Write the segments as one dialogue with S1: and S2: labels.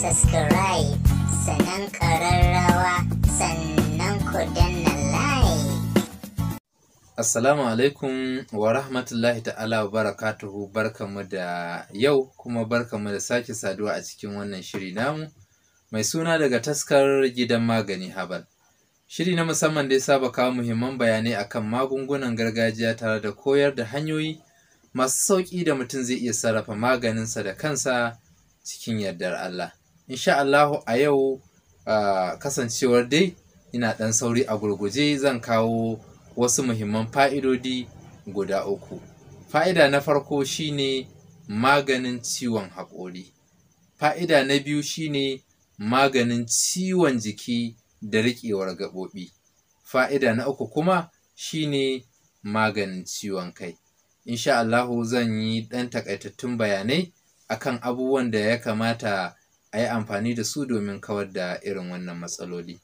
S1: subscribe sannan ƙararrawa sannan ku danna like. Assalamu alaikum wa rahmatullahi ta'ala wa barakatuhu barkamu da yau kuma barkamu da sake saduwa a cikin wannan shiri namu mai suna daga taskar gidan magani habal. Shiri na musamman da ya saba kawo muhimman bayanai akan magungunan gargajiya tare da koyar da hanyoyi masu sauƙi da mutum zai iya sarrafa maganinsa da kansa cikin yardar Allah. insha Allahu a yau kasancewar dai ina ɗan sauri a gurguje zan kawo wasu muhimman fa'idodi guda uku fa'ida na farko shine maganin ciwon haƙori fa'ida na biyu shine maganin ciwon jiki da riƙewar gaɓoɓi fa'ida na uku kuma shine maganin ciwon kai insha Allahu zan yi ɗan takaitattun bayanai akan abubuwan da ya kamata a yi amfani da su domin kawar da irin wannan matsaloli.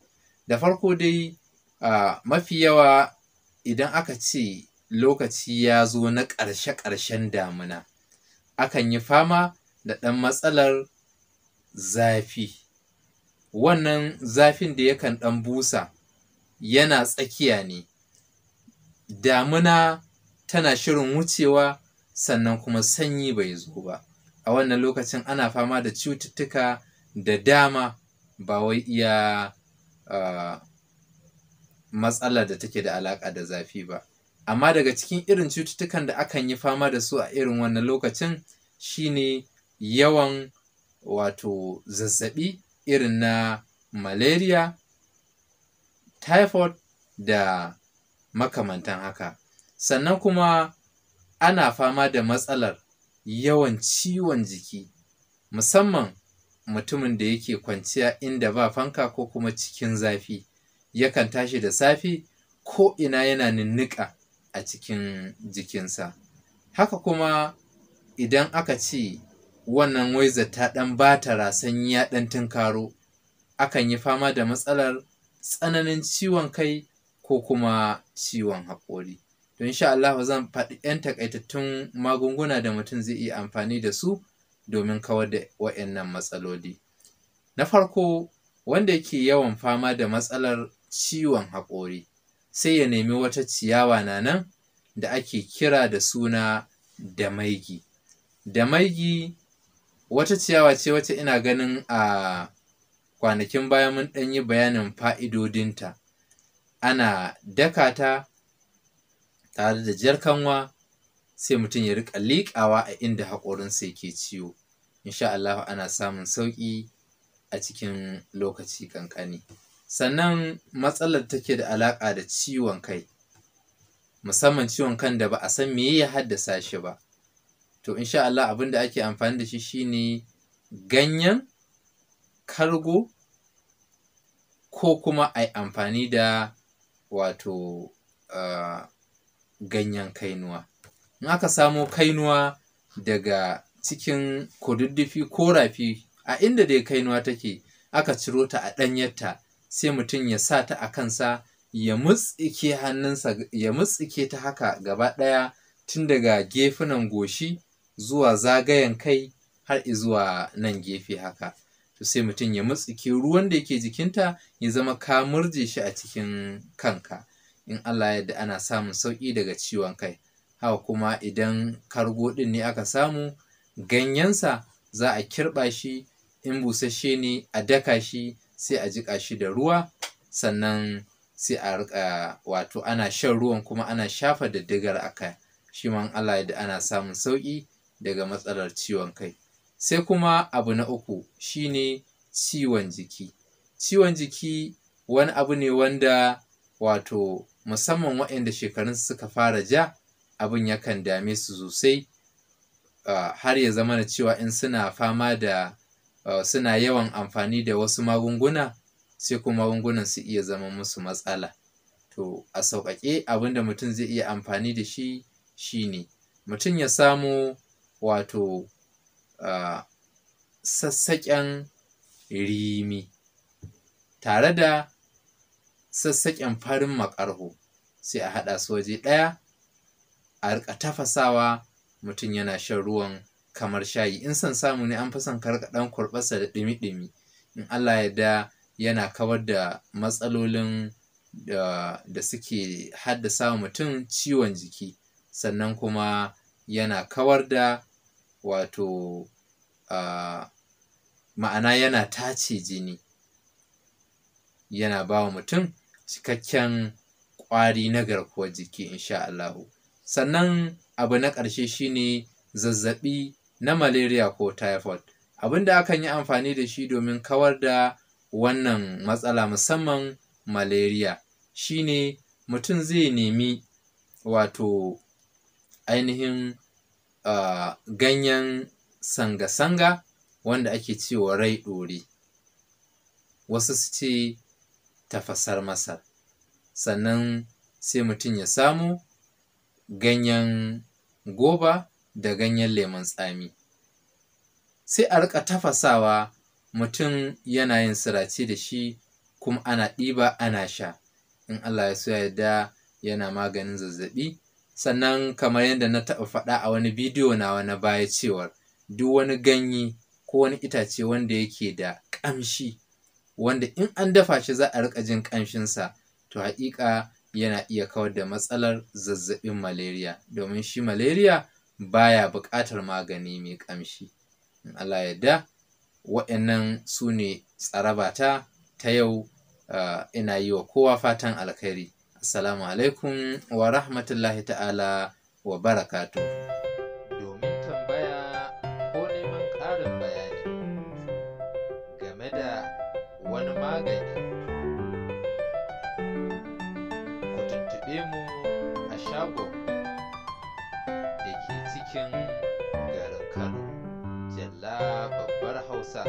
S1: Da farko dai mafi yawa idan aka ce lokaci ya zo na ƙarshe-ƙarshen damuna, akan yi fama da ɗan matsalar zafi. Wannan zafin da yakan ɗan busa yana tsakiya ne. Damuna tana shirin wucewa sannan kuma sanyi bai zo ba. a wannan lokacin ana fama da cututtuka da dama ba wai iya uh, da take da alaƙa da zafi ba amma daga cikin irin cututtukan da akan yi fama da su a irin wannan lokacin shine yawan wato zazzaɓi irin na malaria typhoid da makamantan haka sannan kuma ana fama da matsalar yawan ciwon jiki musamman mutumin da yake kwanciya inda ba fanka ko kuma cikin zafi yakan tashi da safe ko ina yana ninnika a cikin jikinsa haka kuma idan aka ce wannan waiza ta ɗan bata rasan ya ɗan tunkaro akan yi fama da matsalar tsananin ciwon kai ko kuma ciwon haƙori to insha Allah zan faɗi 'yan takaitattun magunguna da mutum zai iya amfani da su domin kawar da waɗannan matsaloli na farko wanda yake yawan fama da matsalar ciwon haƙori sai ya nemi wata ciyawa na nan da ake kira da suna damaigi damaigi wata ciyawa ce wacce ina ganin a kwanakin bayan mun ɗanyi bayanin fa'idodinta ana dakata. tare da jar sai mutum ya riƙa liƙawa a inda haƙorinsa yake ciwo insha Allah ana samun sauƙi a cikin lokaci ƙanƙani sannan matsalar take da alaƙa da ciwon kai musamman ciwon kan da ba a san me ya haddasa shi ba to insha Allah abin da ake amfani da shi shine ganyen kargo ko kuma a yi amfani da wato uh, ganyen kainuwa. In aka samo kainuwa daga cikin kududdufi ko rafi a inda dai kainuwa take aka ciro ta a ɗanyarta sai mutum ya sa ta a kansa ya mutsike ya mutsike ta haka gaba ɗaya tun daga gefunan goshi zuwa zagayen kai har zuwa nan gefe haka. to sai mutum ya mutsike ruwan da yake jikinta ya zama ka murje shi a cikin kanka in Allah ya ana samun sauƙi daga ciwon kai haka kuma idan kargo ɗin ne aka samu ganyensa za a kirɓa shi in busasshe ne a daka shi sai a jiƙa shi da ruwa sannan sai a riƙa wato ana shan ruwan kuma ana shafa diddigar a kai shi man Allah da ana samun sauƙi daga matsalar ciwon kai sai kuma abu na uku shine ciwon jiki ciwon jiki wani abu ne wanda wato musamman waɗanda shekarunsu suka fara ja abin yakan dame su sosai ah, har ya zama cewa in suna fama da ah, suna yawan amfani da wasu magunguna sai kuma magungunan su iya zama musu matsala to a sauƙaƙe abin da mutum zai iya amfani da shi shi ne mutum ya samu wato ah, sassaƙen rimi tare da sassaƙen farin makarho sai a haɗa su waje ɗaya a rika tafasawa mutum yana shan ruwan kamar shayi in son samu ne an fi son ka riƙa ɗan kurɓarsa da ɗimi-ɗimi in Allah ya da yana kawar da matsalolin da suke haddasa wa mutum ciwon jiki sannan kuma yana kawar da wato ma'ana yana tace jini yana ba wa mutum cikakken ƙwari na garkuwar jiki insha Allahu. Sannan abu na ƙarshe shine zazzaɓi na malaria ko typhoid. Abin da akan yi amfani da shi domin kawar da wannan matsala musamman malaria shine mutum zai nemi wato ainihin uh, ganyen sanga-sanga wanda ake cewa rai ɗore. Wasu su ce Tafasar masar sannan sai mutum ya samu ganyen goba da ganyen lemon tsami sai a rika tafasawa mutum yana yin sirace da shi kuma ana ɗiba ana sha in allah ya so ya yarda yana maganin zazzaɓi sannan kamar yadda na taɓa faɗa a wani bidiyo nawa na baya cewar duk wani ganye ko wani itace wanda yake da ƙamshi wanda in an dafa shi za a riƙa jin ƙanshinsa to haƙiƙa yana iya kawar da matsalar zazzaɓin malaria domin shi malaria baya buƙatar magani mai ƙamshi in Allah yarda waɗannan su ne tsarabata ta yau ah, ina yi wa kowa fatan alkhairi assalamu alaikum wa rahmatullahi ta'ala wa barakatuh magani ku tuntuɓe mu a shagon da ke cikin garin kano jalla babbar hausa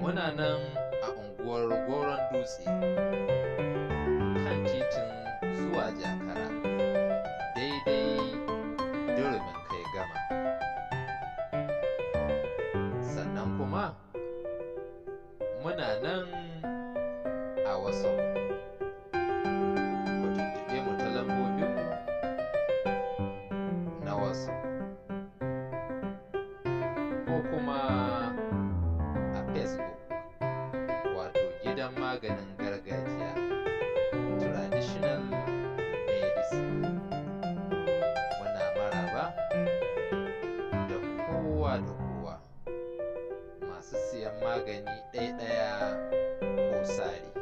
S1: muna nan a unguwar goron dutse kan titin zuwa jakara daidai durumin kai gama sannan kuma muna nan a wasu. sayan magani ɗaya-ɗaya ko sari